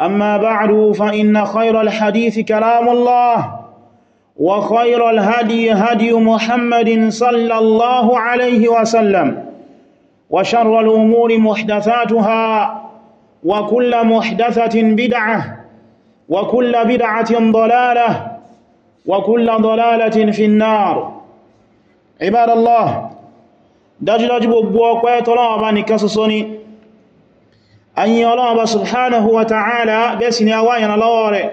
أما بعد فإن خير الحديث كلام الله وخير الهدي هدي محمد صلى الله عليه وسلم وشر الأمور محدثاتها وكل محدثة بدعة وكل بدعة ضلالة وكل ضلالة في النار عباد الله دجلج ببوك ويطلع بني كسسني ayin ọlọ́wọ́ bá subhanahu wa ta'ala bẹ́ẹ̀ sì ni a wá ìyànà lọ́wọ́ rẹ̀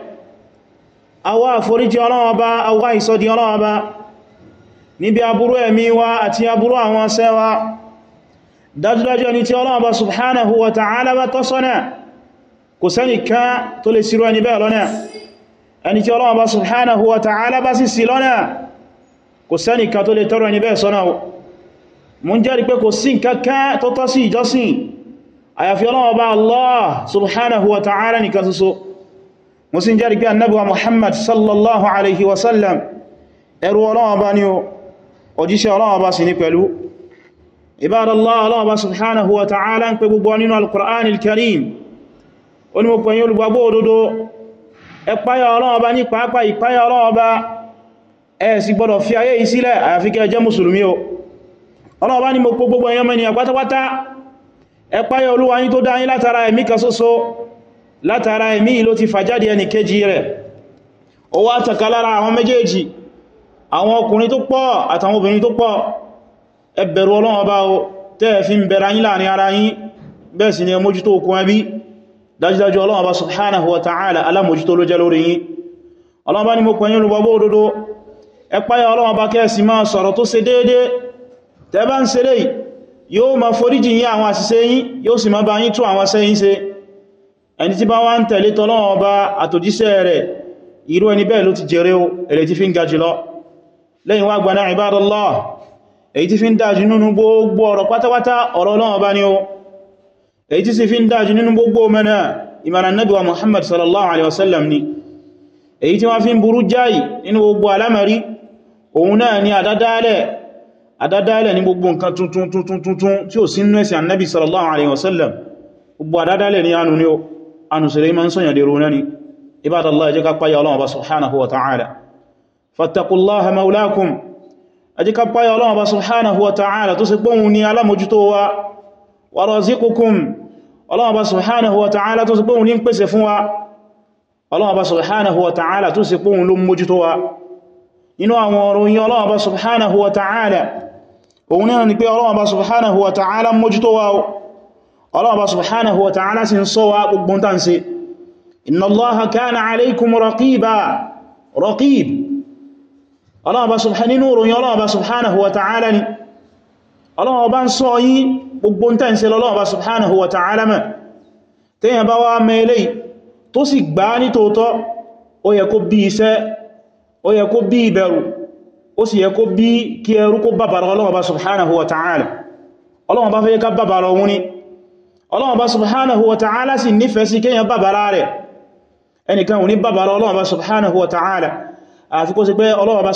a wá àforíjì ọlọ́wọ́ bá a wá ìsọdí ọlọ́wọ́ bá níbi aburú ẹ̀mí wa àti aburú àwọn sẹ́wa dájúdájú ẹni tí ọlọ́wọ́ bá subhanahu wa ta'ala bá tọ́sọ́nà kò sẹ́ni ká tó lè sírò ẹni bẹ́ẹ̀ lọ́nà àyàfi Ọlọ́run Ọba Allah subhanahu wa ta'ala nìkan ṣoṣo mo sì ń jẹ́rìí pé annabi wa Muhammad sallallahu alaihi wasallam ẹrú Ọlọ́run Ọba ni o òjíṣẹ́ Ọlọ́run Ọba sì ní pẹ̀lú ibadallah Ọlọ́run fi ayé yìí sílẹ̀ jẹ́ mùsùlùmí o Ọlọ́run Ọba mo pè gbogbo ẹ̀yàn àpátápátá ẹ páyà olúwa yín tó dá yín látara ẹ̀mí kan ṣoṣo látara ẹ̀mí ló ti fàjáde ẹnì kejì rẹ̀ ó wá tàkà lára àwọn méjèèjì àwọn ọkùnrin tó pọ̀ àtàwọn obìnrin tó pọ̀ ẹ Ọlọ́run Ọba ni mo pẹ̀yìn olùgbogbo òdodo ẹ páyà kẹ́ẹ̀sì máa sọ̀rọ̀ tó ṣe déédéé tẹ́ ń ṣe léyìí yóò ma foríjì yín àwọn àṣìṣe yín yóò sì ma bá yín tún àwọn sẹ́yìn ṣe ẹni tí bá wá ń tẹ̀lé tọ́lọ́wọ́ bá àtòjíṣẹ́ rẹ̀ irú ẹni bẹ́ẹ̀ ló ti jèrè o èrè tí fi ń ga jùlọ lẹ́yìn wá gbaná ìbádọ́lọ́ èyí tí fi ń dájú nínú gbogbo ọ̀rọ̀ pátápátá ọ̀rọ̀ Ọlọ́run bá ní o èyí tí sì fi ń dájú nínú gbogbo àdádálẹ̀ ní gbogbo nǹkan tuntun tuntun tuntun tí ó sínú ẹ̀sìn annabi sallallahu alaihi wasallam gbogbo àdádálẹ̀ ní anu ni ó anu sẹ̀rẹ̀ ma ń sọ́yàn dèrò náà ni ibadallah ẹ jẹ́ ká páyà subhanahu wa ta'ala fattaqullaha maulakum ẹ jẹ́ ká páyà subhanahu wa ta'ala tó sì pọ́hun ni alámójútó wa wa raziqukum Ọlọ́run subhanahu wa ta'ala tó sì pọ́hun ní ń pèsè wa Ọlọ́run subhanahu wa ta'ala tó sì pọ́hun ló mójútó wa inú àwọn ọ̀rọ̀ yìí Ọlọ́run subhanahu wa ta'ala òun náà ni pé Ọlọ́run Ọba subhanahu wa ta'ala mójútó wa Ọlọ́run Ọba subhanahu wa ta'ala sì ń ṣọ́ wa gbogbo tàn sí inna Allaha kana alaykum raqiba raqib Ọlọ́run Ọba subhanahu wa ta'ala ni Ọlọ́run Ọba ń ṣọ́ yín gbogbo tàn sí Ọlọ́run Ọba subhanahu wa ta'ala mẹ́ ó yẹ kó bí iṣẹ́ ó yẹ kó bí ìbẹ̀rù ó sì yẹ kó bí kí ẹrú kó bàbàrà Ọlọ́run bá subhanahu wa ta'ala Ọlọ́run bá fẹ́ ká bàbàrà ohun ní Ọlọ́run bá subhanahu wa ta'ala sì nífẹ̀ẹ́ sí kíyàn bàbàrà rẹ̀ ẹnìkan ò ní bàbàrà Ọlọ́run bá subhanahu wa ta'ala àti kó sì pé Ọlọ́run bá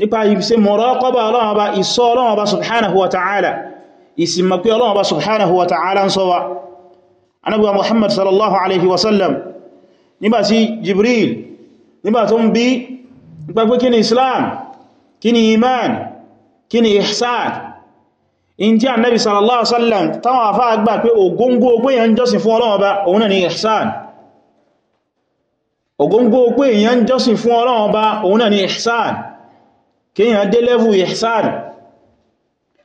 nípa ìfisẹ́ muraqaba Ọlọ́run Ọba ìṣọ́ Ọlọ́run Ọba subhanahu wa ta'ala ìsìnmà pé Ọlọ́run Ọba subhanahu wa ta'ala ń ṣọ́ wa anábíwa Muhammad sallallahu alaihi wasallam nígbàtí Jibril nígbàtí ń bí gbogbo kí ni Islam kí ni iman kí ni ihsan in tí annabi sallallahu alaihi wasallam táwọn afá gbà pé ògóngó pé èyàn jọ́sìn fún Ọlọ́run Ọba òun kíyàn dé lẹ́fù ihsan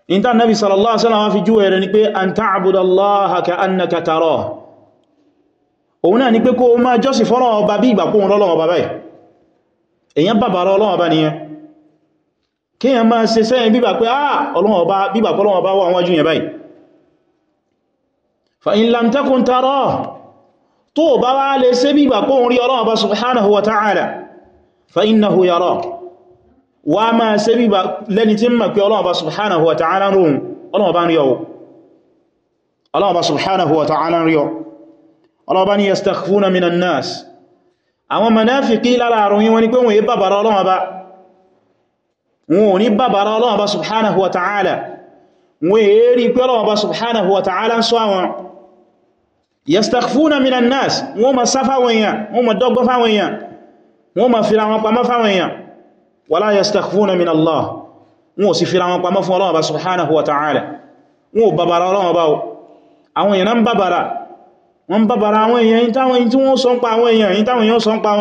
in ta nabi sallallahu alaihi wasallam fi júwẹ̀ rẹ̀ ni pé an ta'budallaha ka'annaka tarahu òun náà ni pé kó máa jọ́sìn fọ́lọ́run ọba bí ìgbà kóhun rọ́lọ́run ọba báyìí èyàn bàbàrà ọlọ́run ọba nìyẹn kíyàn máa ṣe sẹ́yìn bíbà pé ah ọlọ́run ọba bíbà pọ́lọ́run ọba wà wájú yẹn báyìí fa in lam takun tarahu tó bá wá lè ṣe bíbà kóhun rí ọlọ́run subhanahu wa ta'ala fa innahu yarak wà máa ṣe bí lẹ́ni tí mọ̀ pé Ọlọ́run Ọba subhanahu wa ta'ala ń rọrùn Ọlọ́run Ọba ń ríọ̀ Ọlọ́run Ọba subhanahu wa ta'ala ń ríọ̀ Ọlọ́run Ọba ní yastakhfuna minan nas àwọn manáfikí lára àrùn yí wọ́n ni pé wọ́n yí bàbára Ọlọ́run Ọba wọ́n ò ní bàbára Ọlọ́run Ọba subhanahu wa ta'ala wọ́n yí rí pé Ọlọ́run Ọba subhanahu wa ta'ala ń sọ yastakhfuna minan nas wọ́n ma sáfáwọn èèyàn wọ́n ma dọ́gbọ́ fáwọn èèyàn wọ́n ma fira wọn pamọ́ fáwọn èèyàn wala yastakhfuna min Allah wọn ò sì fira wọn pamọ́ fún Ọlọ́run Ọba subhanahu wa ta'ala wọn ò bàbàrà Ọlọ́run Ọba àwọn èèyàn ń bàbàrà wọn bàbàrà àwọn èèyàn táwọn tí wọ́n sọ ń pa àwọn èèyàn táwọn èèyàn sọ ń pa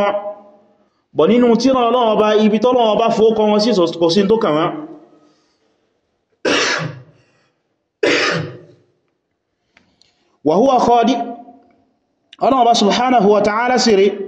wọn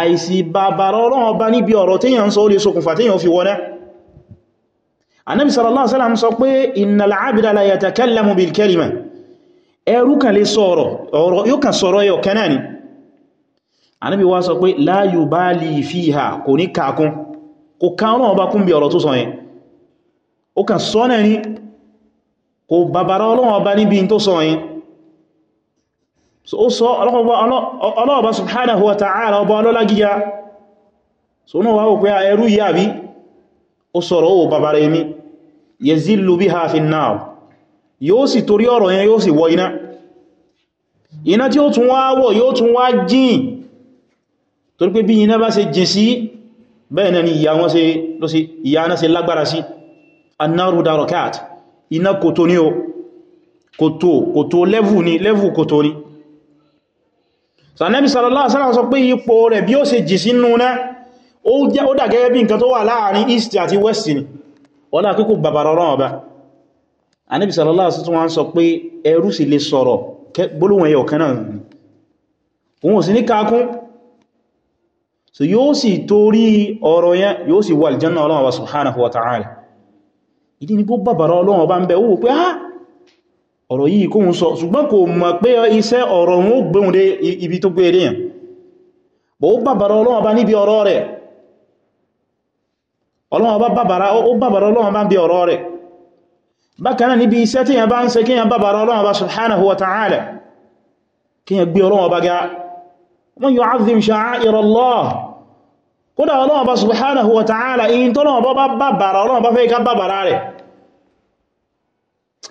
àìsí bàbàrà ọlọ́run ọba níbi ọ̀rọ̀ téèyàn sọ ó lè ṣokùnfà téèyàn fi wọ́nẹ́ anábi sallallahu alaihi wasallam sọ pé innal abida la yatakallamu bil kalima ẹrú kan lè sọ̀rọ̀ ọ̀rọ̀ yóò kàn sọ̀rọ̀ ẹyọ kan náà ni anábi wá sọ pé la yubali so ó sọ ọlọ́ọ̀bá subhanahu wa ta'ala ọba ọlọ́lá gíga so náà wá òpé ẹrú yà bí ó sọ̀rọ̀ ó bàbára emi yazillu biha fin nar yóò sì torí ọ̀rọ̀ yẹn yóò sì wọ iná iná tí ó tún wá wọ̀ yóò tún wá jìn torí pé bí iná bá ṣe jìn sí bẹ́ẹ̀ náà ni ìyà wọn ṣe lọ sí ìyà náà ṣe lágbára sí darakat iná kòtò ní o kòtò kòtò lẹ́vù ni lẹ́vù kòtò ni so anabi sallallahu alaihi wasallam sọ pé ipò rẹ̀ bí ó ṣe jì sínú náà ó jẹ́ ó dà gẹ́gẹ́ bí nǹkan tó wà láàrin east àti west ni wọ́n náà kíkò bàbàrọ̀rọ̀ ọba anabi sallallahu alaihi wasallam si le kan so si sì torí osi yẹn yóò sì wà aljanna ọlọ́wọ́ subhanahu wa ta'ala ni ọ̀rọ̀ yìí kó ń sọ ṣùgbọ́n kò mọ̀ pé iṣẹ́ ọ̀rọ̀ òun ó gbéhùn dé ibi tó gbé èdèyàn e bó bàbàrà Ọlọ́run bá níbi ọ̀rọ̀ rẹ̀ Ọlọ́run bá bàbàrà ó bàbàrà Ọlọ́run bá níbi ọ̀rọ̀ rẹ̀ bákanáà níbi iṣẹ́ tí yàn bá ń ṣe kí yàn bàbàrà Ọlọ́run bá subhanahu wa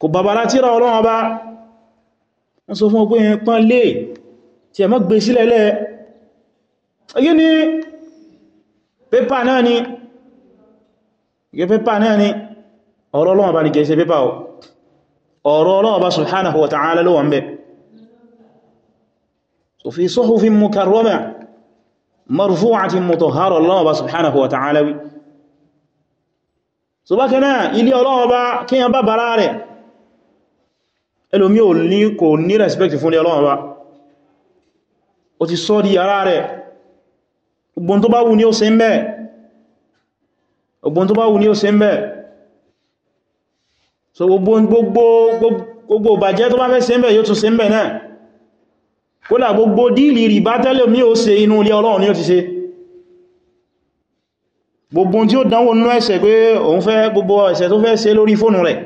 kò bàbára tíra ọlọ́wọ́n bá ń sọ fún ọgbóyìn pán lè tí ẹ mọ́ gbé sílẹ̀ lẹ́ ẹgbẹ́ ni pépà náà ni ẹgbẹ́ pépà náà ni ọ̀rọ̀ ọlọ́wọ́n bá ní kẹsẹ̀ pépà ọ̀rọ̀ ọlọ́wọ́n bá subhanahu wa ta'ala ló wà ń ẹlòmí ò ní kò ní respect fún Ọlọ́run wa ó ti sọ di ara rẹ̀ ọgbọ́n tó bá wù ní ó ṣe ń bẹ́ ọgbọ́n tó bá wù ní ó ṣe ń bẹ́ so gbogbo bàjẹ́ tó bá fẹ́ ṣe ń bẹ́ yóò tún ṣe ń bẹ́ náà kódà gbogbo díìlì rìbá tẹ́lẹ̀ mí ó ṣe inú ilé Ọlọ́run ni ó ti ṣe gbogbo tí ó dánwò nínú ẹ̀ṣẹ̀ pé òun fẹ́ gbogbo ẹ̀ṣẹ̀ tó fẹ́ ṣe lórí fóònù rẹ̀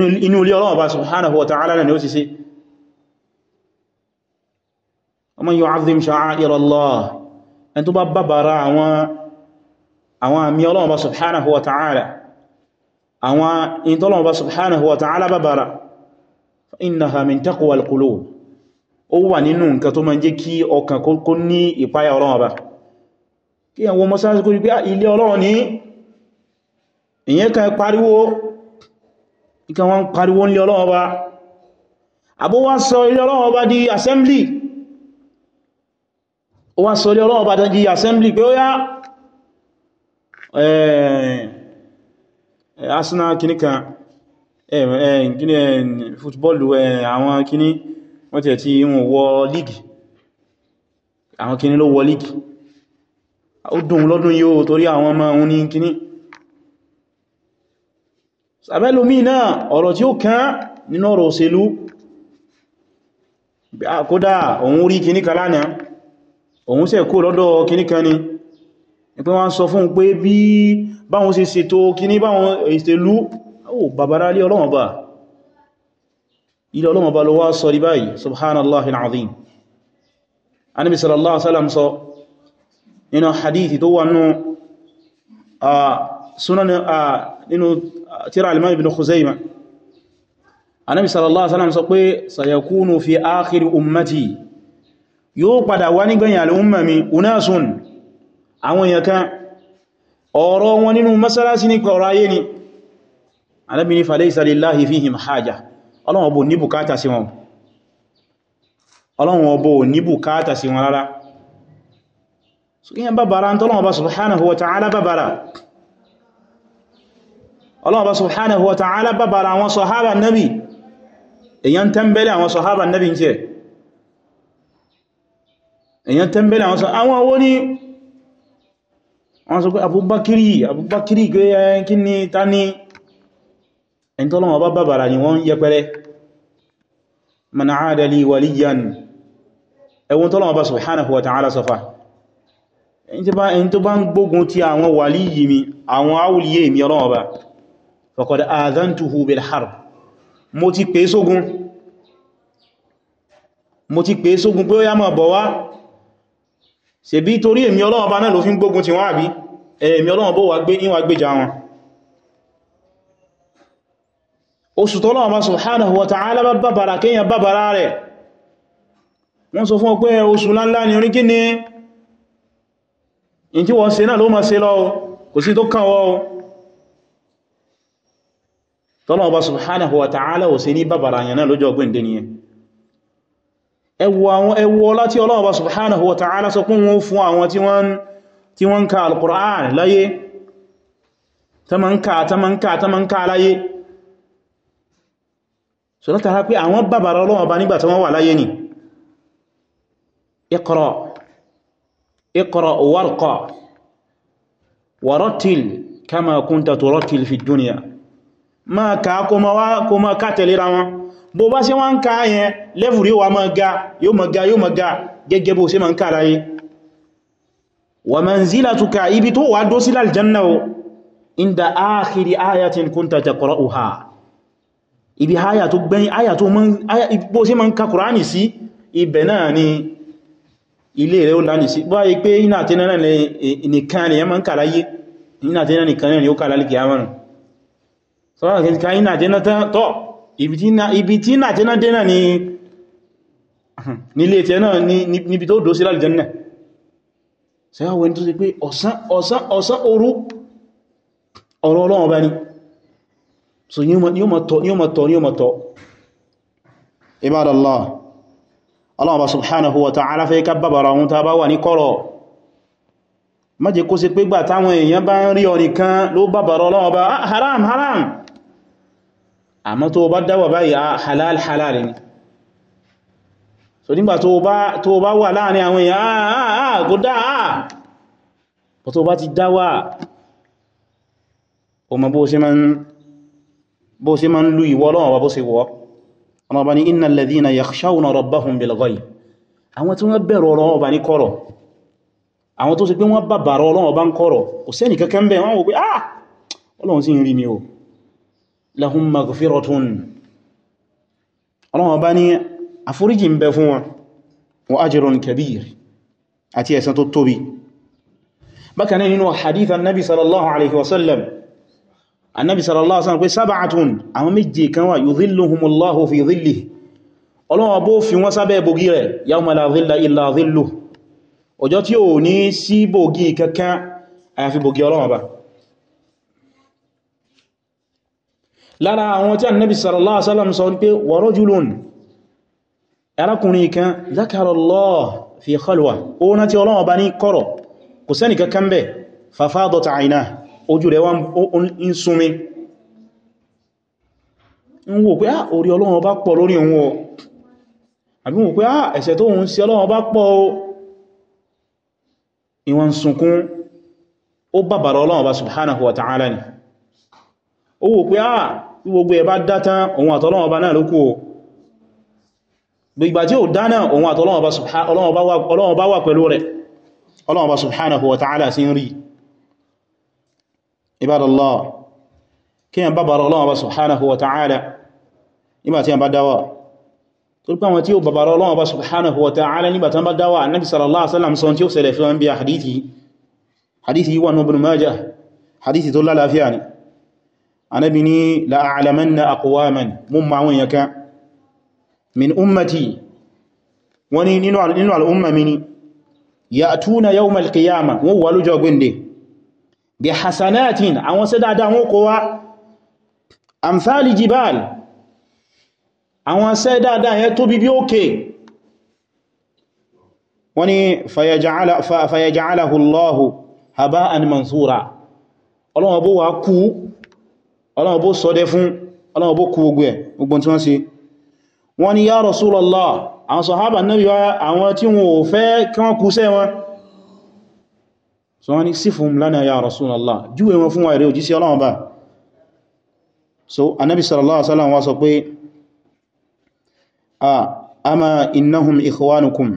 inú ilé Ọlọ́run bá subhanahu wa ta'ala ni ó sì sí ọmọ yóò azim sha'a'ir Allah ẹni tó bá bàbára àwọn àmì Ọlọ́run bá subhanahu wa ta'ala àwọn ìntọ́lọ́run bá subhanahu wa ta'ala bàbára fa innaha min taqwa al-qulub ó wà nínú nǹkan tó máa jẹ́ kí ọkàn kó ní ìpáyà Ọlọ́run bá kí àwọn mọ́sánásí kó rí pé ah, ilé Ọlọ́run ní ìyẹn kan pariwo ìkan wọn pariwo nílé Ọlọ́run Ọba àbó wá sọ ilé di assembly ó wá sọ ilé di assembly pé ó yá eh, eh, arsenal kìní kan eh, kìní fútbọ́ọ̀lù àwọn kìní wọ́n tẹ̀ tí wọ́n wọ lígì àwọn kìní ló wọ lígì ọmọ sàbẹ́lómí náà ọ̀rọ̀ tí ó kán nínú ọ̀rọ̀ òṣèlú kódà òun rí kìníkà lánàá òun sẹ̀ kó lọ́dọ̀ kìníkà ni pé wọ́n sọ fún pé bí báwọn ṣe ṣètò kìní báwọn ìṣèlú ó bàbára lé ọlọ́mọba ilẹ̀ wá sọ rí tíra al-Imam ibn Khuzaymah anábi sallallahu alaihi wasallam sọ pé sayakunu fi akhiri ummati yóò padà wá nígbẹ̀yìn al'umma mi unasun àwọn èèyàn kan ọ̀rọ̀ wọn nínú masalasi ní kọ̀rọ̀ ayé ni anábi ni falaysa lillahi fihim haja ọlọ́wọ́ bò ní bùkátà sí wọn rárá so kíyàn bàbára ń subhanahu wa ta'ala Ọlọ́run bá subhanahu wa ta'ala bàbára àwọn sọ̀hábà nabi èyàn tẹ́mbẹ̀lẹ̀ àwọn sọ̀hábà nabi ń jẹ́ èyàn tẹ́mbẹ̀lẹ̀ àwọn sọ̀hábà àwọn owó ní wọ́n sọ pé abúbákiri abúbákiri gbé eh, kí ni ta ní ẹni tọ́lọ́wọ́ bá bàbára ni wọ́n yẹpẹrẹ man aada li waliyan ẹwọ́n tọ́lọ́wọ́ bá subhanahu wa ta'ala sọfà ẹni tó bá ń faqad adhantuhu bil harb mo ti pè sógun mo ti pè sógun pé ó yá mọ̀ bọ̀ wá ṣe bí torí èmi Ọlọ́run bá náà ló fi ń gbógun ti wọ́n àbí èmi Ọlọ́run bó wà gbé níwà gbéjà wọn oṣù tọ́lọ́wọ́ bá subhanahu wa ta'ala kò sí tó kàn wọ́n tọ́lọ̀ ọba subhanahu wa ta'ala ò sí ní bàbàrà yẹn náà lójọ́ ọgbìn díniyẹ ẹwọ láti ọlọ́ọba subhanahu wa ta'ala sọ kún wọn fún àwọn tí wọ́n ka al-Qur'an láyé tamanka tamanka tamanka láyé so látara pé àwọn bàbàrà ọlọ́ọba ma ka kó ma wá kó ma ká tẹ̀lera wọn bó bá ṣe wọ́n ń ká yẹn lẹ́fùrí wa ma ga yóò ma ga yóò ma ga gẹ́gẹ́ bó ṣe ma ń ká ráyé wa manzilatuka ibi tó wà dó sílá aljanna o inda akhiri ayatin kunta taqra'uha ibi aya tó gbẹ́yìn aya tó bó ṣe ma ń ká kùránì sí ibẹ̀ náà ni ilé rẹ̀ ó lánì sí bó ayé pé iná àtẹ́nà nìkan ni ẹ ma ń ká ráyé iná àtẹ́nà nìkan ni ó ká lálìkì àmàrin sọ́rọ̀ kẹjíká iná jẹ́nà tọ́ ibi tí iná jẹ́nà dẹ́nà ní ilé tẹ́ náà níbi tó dó sí láti jẹ́nà sẹ́wọ́n tó sì pé ọ̀sán ọ̀sán òru ọ̀rọ̀ ọlọ́wọ̀n bá ní so yíò mọ̀ tọ́ yíò mọ̀ tọ́ ibadallah Allah bá subhanahu wa ta'ala fẹ́ ká bàbàrà ohun ta bá wà ní kọ́rọ̀ má jẹ́ kó ṣe pé gbà táwọn èèyàn bá ń rí ọ ló bàbàrà Ọlọ́run bá ah, haram haram àmọ́ tó bá dáwà báyìí a ah, halal halal ni so nígbà tó bá wà láàrin àwọn èèyàn àà ah, ah, kò dáa bọ̀ tó bá ti dáwà ọmọ bó ṣe ma ń lú ìwọ́ lọ́wọ́ bó ṣe wọ́ ọmọ bá ní innal ladhina yakhshawna rabbahum bil ghaib àwọn tí wọ́n bẹ̀rọ ọlọ́wọ́ bá ní kọ́rọ̀ àwọn lahum maghfiratun ọlọ́wọ́ bá ní àforíjì ń bẹ fún wọn wa ajrun kabir àti ẹ̀san tó tóbi bákanáà nínú hadith annabi sallallahu alaihi wasallam annabi sallallahu alaihi wasallam pé sab'atun àwọn méje kan wà yudhilluhumullahu fi dhillihi ọlọ́wọ́ bó fi wọ́n sábẹ́ bògí rẹ̀ yawma lára àwọn tí annabi sallallahu alaihi wasallam sọ pé wa rajulun arákùnrin kan zakarallah fi khalwa ó ná tí ọlọ́wọ́ bá ní kọ́rọ̀ kò sẹ́ni kankan bẹ́ fafadat àìná ojú rẹ̀ wọ́n ń súnmi ń wò pé ah orí ọlọ́wọ́ bá pọ̀ lórí òun o àbí wò pé ah, ta'ala ni ó wò pé ah bí gbogbo ẹ̀ bá dátán òun àtọ́lọ́wọ́ bá náà lókù ìgbà tí ó dáná òun àtọ́lọ́wọ́ bá wà pẹ̀lú rẹ̀ Ọlọ́run bá subhanahu wa ta'ala sí ń rí ibadallah kí yàn wa nubin majah hadithi tó lálàáfíà ni anábi ní la'alamanna aqwaman mún ma wọn yaka min ummati wani nínú al'umma mini ya'tuna yawmal qiyamah wọ́n wà lọ́jọ́ gbinde bi hasanatin àwọn ṣe dáadáa wọn kó wá jibal àwọn ṣe dáadáa yẹn tóbi bí òkè wani fayaja'alahu Allahu haba'an mansura ọlọ́wọ́ bó wá kú ọlọ́run bó sọdẹ fún ọlọ́run bó kú gbogbo ẹ̀ gbogbo tí wọ́n ṣe wọ́n ni ya Rasulullah àwọn sọ̀hábà náà yọ àwọn tí wọ́n ò fẹ́ kí wọ́n kú sẹ́ wọn so wọ́n ni sífún lánà ya Rasulullah júwe wọn fún wa èrè òjísí ọlọ́run bá so anábi sallallahu alaihi wasallam wá sọ pé a ama innahum ikhwanukum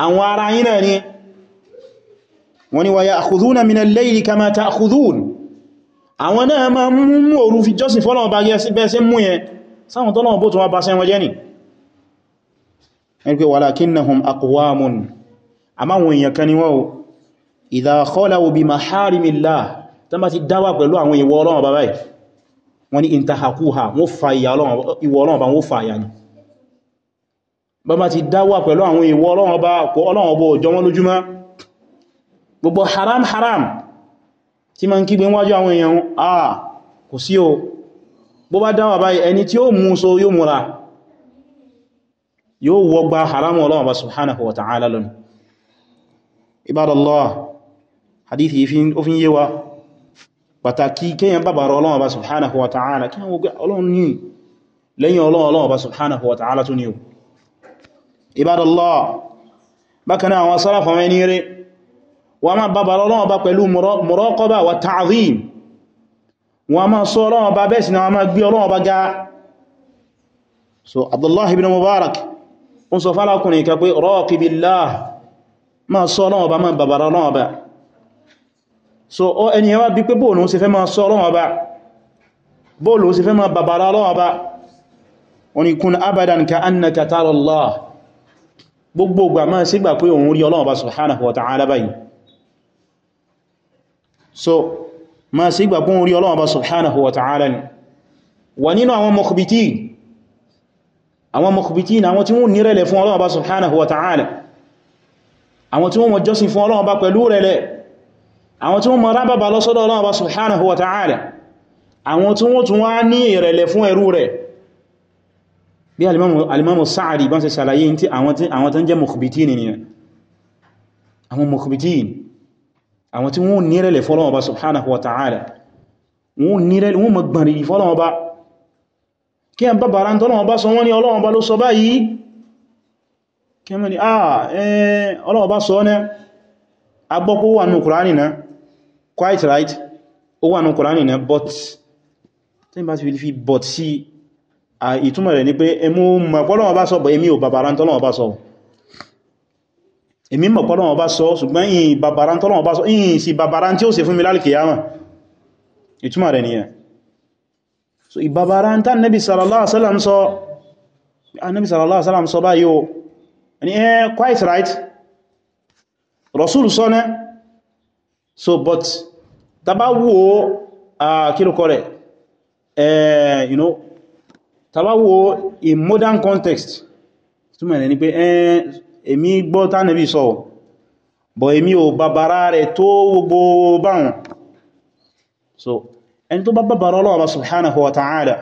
àwọn ara yìí ni wọ́n ni wa ya'khudhuna min al-layli kama ta'khudhun àwọn náà ma mú òru fi jọ́sìn fọ́lọ́wọ́ bá bẹ́ẹ̀ sí mú yẹn sáwọn tọ́lọ́wọ́ bó tún wá bá sẹ́ jẹ́ ni ẹni pé walakinnahum bá ti dáwà pẹ̀lú àwọn ìwọ Ọlọ́run bá kò Ọlọ́run bó jọ wọ́n lójúmọ́ gbogbo haram haram tí ma ń kígbe wájú àwọn èèyàn àà ah, kò sí o bó bá dáwà báyìí ẹni tí ó mú so yóò múra yóò wọgba haram Ọlọ́run bá subhanahu wa ta'ala lónìí ibadallah hadithi ó fi ń yé pàtàkì kíyàn bàbàrà Ọlọ́run subhanahu wa ta'ala kíyàn wọ́gbẹ̀ Ọlọ́run ní lẹ́yìn Ọlọ́run subhanahu wa ta'ala tún ni ibadallah bákanáà àwọn sára fọ́mẹ́ ní rí wọ́n máa bàbà Ọlọ́run bá pẹ̀lú muraqaba wa ta'zim wọ́n máa sọ Ọlọ́run bá bẹ́ẹ̀ sí na wọ́n máa gbé Ọlọ́run bá ga so Abdullah ibn Mubarak ń sọ fálákùnrin ka pé raqibillah máa sọ Ọlọ́run bá máa bàbà bí pé máa sọ Ọlọ́run bá máa bàbà Ọlọ́run bá so ma sí gbàgbọ́n orí Ọlọ́run Ọba subhanahu wa ta'ala ni wà nínú àwọn mọ̀kùbìtì àwọn mọ̀kùbìtì na àwọn tí wọ́n ní rẹ̀lẹ̀ fún Ọlọ́run Ọba subhanahu wa ta'ala àwọn tí wọ́n mọ̀ jọ́sìn fún Ọlọ́run pẹ̀lú rẹ̀lẹ̀ àwọn tí wọ́n mọ̀ rábàbà lọ́sọ́dọ̀ Ọlọ́run subhanahu wa ta'ala àwọn tí wọ́n tún wá ní ìrẹ̀lẹ̀ fún ẹrú rẹ̀ bí alimamu Sa'adi bá ń ṣe ṣàlàyé tí àwọn tán jẹ́ mọ̀kùbìtì nìyàn àwọn mọ̀kùbìtì àwọn tí wọ́n nírẹ̀lẹ̀ fọ́lọ́wọ́ bá subhanahu wa ta'ala wọ́n nírẹ̀lẹ̀ wọ́n magbàrí fọ́lọ́wọ́ bá kí a bá bàrá tọ́lọ́wọ́ bá sọ wọ́n ní ọlọ́wọ́ bá ló sọ báyìí kí ah, a mẹ́rin àà ọlọ́wọ́ bá sọ ọ́nà agbọ́kó wà èmi mọ̀ pọ́lọ́wọ́ bá sọ ṣùgbọ́n yìí bàbàrá tọ́lọ́wọ́ bá sọ yìí sí bàbàrá tí ó ṣe fún mi lálìkì yàmà ìtumà rẹ̀ nìyẹn so ìbàbàrá ń tán Nabi sallallahu alaihi wasallam sọ Nabi sallallahu alaihi wasallam sọ eh, quite right Rasul so but tàbá wo kílùkọ rẹ̀ eh, you know tàbá wo in modern context ìtumà rẹ̀ ni pé eh, èmi gbọ́ tánàbí sọ bọ̀ èmi ò bàbára rẹ̀ tó gbogbo báhùn so ẹni tó bá bàbára Ọlọ́run Ọba subhanahu wa ta'ala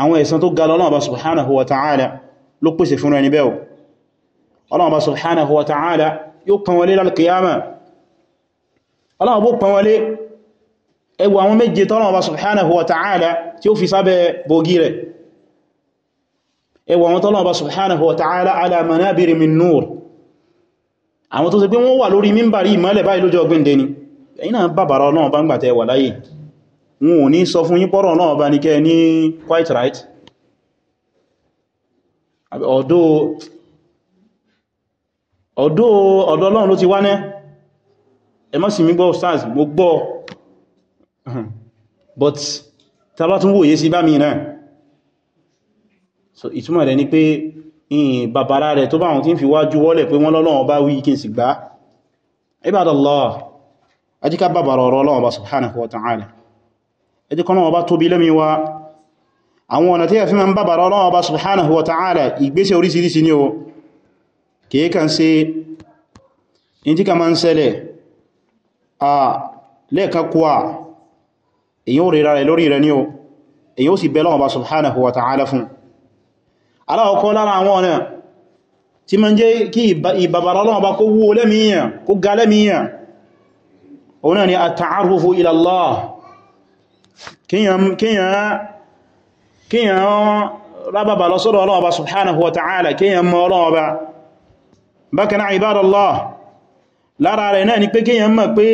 àwọn ẹ̀san tó ga Ọlọ́run Ọba subhanahu wa ta'ala ló pèsè fún ẹni bẹ́ẹ̀ Ọlọ́run Ọba subhanahu wa ta'ala yóò pọn wọlé lálkìyàmà Ọlọ́run bó pọn wọlé ẹgbà ẹwà wọn tọ́lọ́wọ́ bá subhanahu ta'ala ala manabiri àwọn tó ṣe pé wọ́n wà lórí mímbàrí ìmọ́lẹ̀ báyìí lójọ́ ọgbẹ́ndẹ̀ ni ẹ̀yìnà bàbàrà ọlọ́wọ́ bá ń gbàtẹ̀ wà láyé wọn ò ní sọ fún yín pọ́rọ̀ ọlọ́wọ́ bá ní quite right ọ̀dọ́ ọ̀dọ́ ọlọ́run ló ti wá ẹ má sì mí gbọ́ but tàbátún wòye sí bá mi náà so ìtumọ̀ rẹ̀ ni pé ìyìn bàbára rẹ̀ tó bá wọn tí ń fi wájú wọ́lẹ̀ pé wọ́n lọ́lọ́wọ́ bá wí kí n sì gbá ibadallah ajíká bàbára ọ̀rọ̀ Ọlọ́run bá subhanahu wa ta'ala ajíká Ọlọ́run bá tóbi lẹ́mi wa àwọn ọ̀nà tí yà fi ma ń bàbára Ọlọ́run bá subhanahu wa ta'ala lẹ́ẹ̀kakuwa èyí ó rẹ̀ lórí rẹ̀ ni o èyí ó sì bẹ́ bá subhanahu wa ta'ala fún aláwọ̀kọ́ lára àwọn ọ̀nà tí ma ń jẹ́ kí ìbàbàrà Ọlọ́run bá kó wó lẹ́mìíyàn kó ga lẹ́mìíyàn òun ni at-ta'arrufu ila Allah kíyàn rábàbà lọ sọ́dọ̀ Ọlọ́run bá subhanahu wa ta'ala kíyàn mọ̀ Ọlọ́run bá bákan náà ibadallah lára rẹ̀ náà ni pé kíyàn mọ̀ pé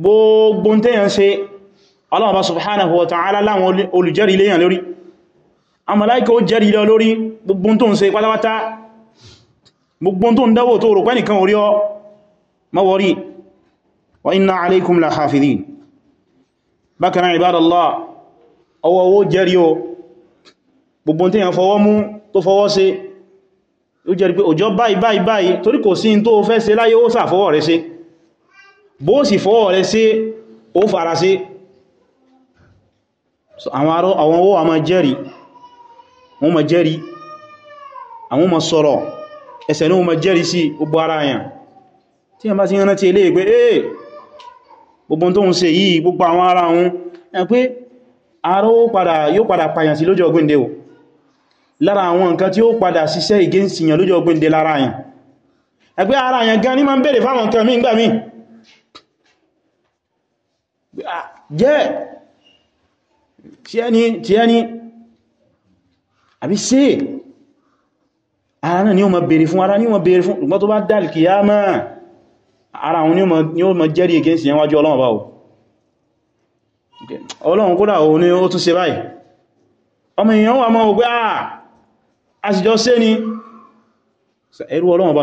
gbogbo tẹ́yàn ṣe Ọlọ́run bá subhanahu wa ta'ala láwọn olùjẹ́rìí léyàn lórí àmàláìkà ó jẹ́rì ilẹ̀ olórí gbogbo tó ń ṣe pátápátá gbogbo tó ń dáwò tó rò pẹ́nìkan orí ọ mawari wa inna alaikum la hafidhin bákan náà ibadallah ọwọ́ owó jẹ́rì o gbogbo tí yàn fọwọ́ mú tó fọwọ́ ṣe ó jẹ́rì pé òjò báyìí báyìí wọ́n ma jẹ́rí àwọn ma sọ̀rọ̀ ẹsẹ̀ ní wọ́n ma jẹ́rí sí gbogbo ara àyàn tí a bá ti rántí ilé ìgbé ee gbogbo tó ń ṣe yìí gbogbo àwọn ara wọn ẹn pé ara yóò padà pàyàn sí lọ́jọ́ ọgbẹ́ndẹ̀ o lára àwọn nǹkan tí ó padà ṣiṣẹ́ ìgéǹsìyàn lọ́jọ́ ọgbẹ́ndẹ̀ lára àyàn ẹgbẹ́ ara àyàn gan ní ma ń bèèrè fáwọn nǹkan mí gbà mí jẹ́ tí ẹni àbí ṣe ara náà ni ó ma bèèrè fún ara ní ó ma bèèrè fún ṣùgbọ́n tó bá dá alkiyama ara àwọn ni ó ma jẹ́rìí against yẹn wájú ọlọ́run báwo ọlọ́run kódà òun ni ó tún ṣe báyìí ọmọ èèyàn wà máa wògbé àà ah, àṣìjọ́ sé ni ẹrú ọlọ́run bá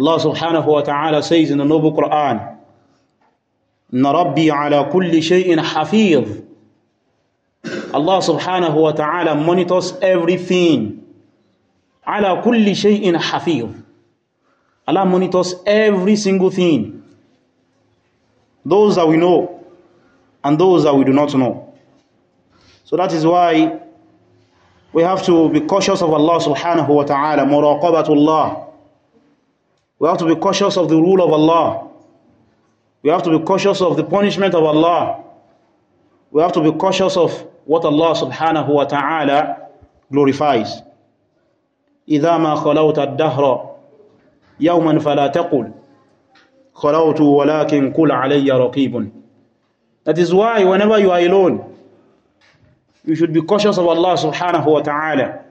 Allah subhanahu wa ta'ala says in the Noble Quran, rabbi ala kulli shay'in hafiz. Allah subhanahu wa ta'ala monitors everything. Ala kulli shay'in hafiz. Allah monitors every single thing. Those that we know and those that we do not know. So that is why we have to be cautious of Allah subhanahu wa ta'ala, muraqabatullah. We have to be cautious of the rule of Allah. We have to be cautious of the punishment of Allah. We have to be cautious of what Allah subhanahu wa ta'ala glorifies. إذا ما خلوت الدهر يوما فلا تقل خلوت ولكن قل علي رقيب That is why whenever you are alone, you should be cautious of Allah subhanahu wa ta'ala.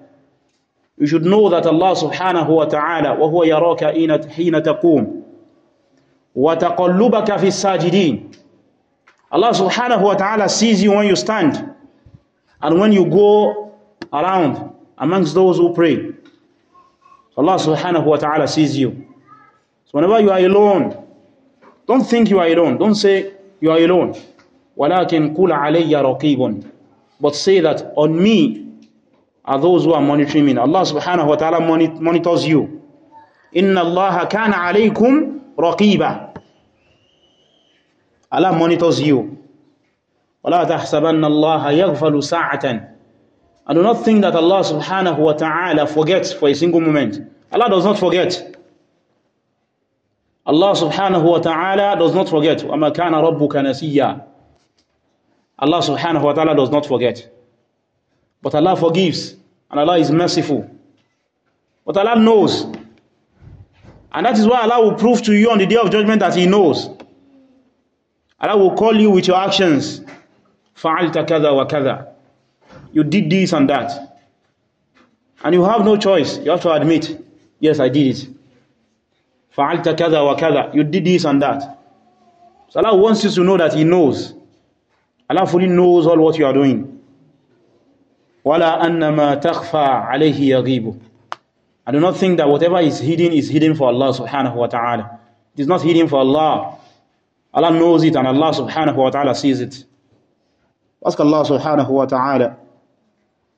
You should know that Allah subhanahu wa ta'ala wa huwa yaraka ina hina taqum wa taqallubaka fi sajidin Allah subhanahu wa ta'ala sees you when you stand and when you go around amongst those who pray. Allah subhanahu wa ta'ala sees you. So whenever you are alone, don't think you are alone. Don't say you are alone. walakin قُلَ alayya raqibun But say that on me are those who are monitoring me. Allah subhanahu wa ta'ala monitors you. Inna Allah kana alaykum raqiba. Allah monitors you. وَلَا تَحْسَبَنَّ Allaha يَغْفَلُ sa'atan. I do not think that Allah subhanahu wa ta'ala forgets for a single moment. Allah does not forget. Allah subhanahu wa ta'ala does not forget. وَمَا كَانَ رَبُّكَ Allah subhanahu wa ta'ala does not forget. But Allah forgives. and Allah is merciful. But Allah knows. And that is why Allah will prove to you on the day of judgment that He knows. Allah will call you with your actions. فَعَلْتَ كَذَا وَكَذَا You did this and that. And you have no choice. You have to admit, yes, I did it. فَعَلْتَ كَذَا وَكَذَا You did this and that. So Allah wants you to know that He knows. Allah fully knows all what you are doing. ولا أن ما تخفى عليه يغيب I do not think that whatever is hidden is hidden for Allah subhanahu wa ta'ala it is not hidden for Allah Allah knows it and Allah subhanahu wa ta'ala sees it ask Allah subhanahu wa ta'ala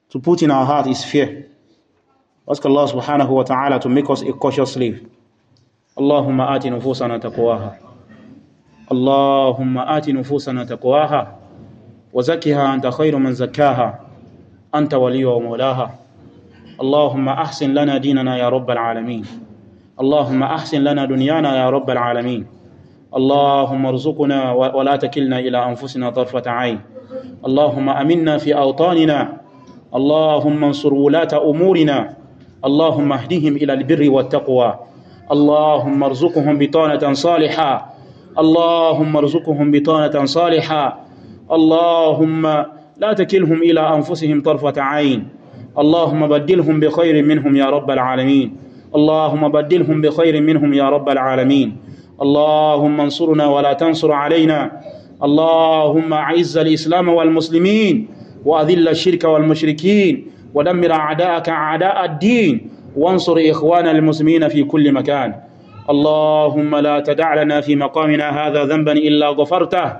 to put in our heart is fear ask Allah subhanahu wa ta'ala to make us a cautious slave اللهم آت نفوسنا تقواها اللهم آت نفوسنا تقواها وزكها أنت خير من زكاها أنت ولي ومولاها اللهم أحسن لنا ديننا يا رب العالمين اللهم أحسن لنا دنيانا يا رب العالمين اللهم ارزقنا ولا تكلنا إلى أنفسنا طرفة عين اللهم أمنا في أوطاننا اللهم انصر ولاة أمورنا اللهم اهدهم إلى البر والتقوى اللهم ارزقهم بطانة صالحة اللهم ارزقهم بطانة صالحة اللهم لا تكلهم إلى أنفسهم طرفة عين اللهم بدلهم بخير منهم يا رب العالمين اللهم بدلهم بخير منهم يا رب العالمين اللهم انصرنا ولا تنصر علينا اللهم أعز الإسلام والمسلمين وأذل الشرك والمشركين ودمر أعداءك أعداء الدين وانصر إخوان المسلمين في كل مكان اللهم لا تدع لنا في مقامنا هذا ذنبا إلا غفرته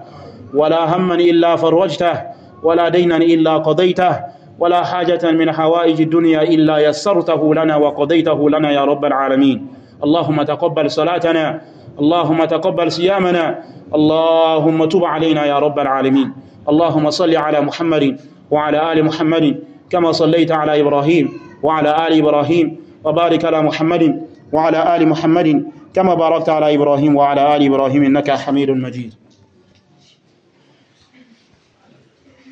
ولا هما إلا فرجته ولا دينا إلا قضيته ولا حاجة من حوائج الدنيا إلا يسرته لنا وقضيته لنا يا رب العالمين اللهم تقبل صلاتنا اللهم تقبل صيامنا اللهم تب علينا يا رب العالمين اللهم صل على محمد وعلى آل محمد كما صليت على إبراهيم وعلى آل إبراهيم وبارك على محمد وعلى آل محمد كما باركت على إبراهيم وعلى آل إبراهيم إنك حميد مجيد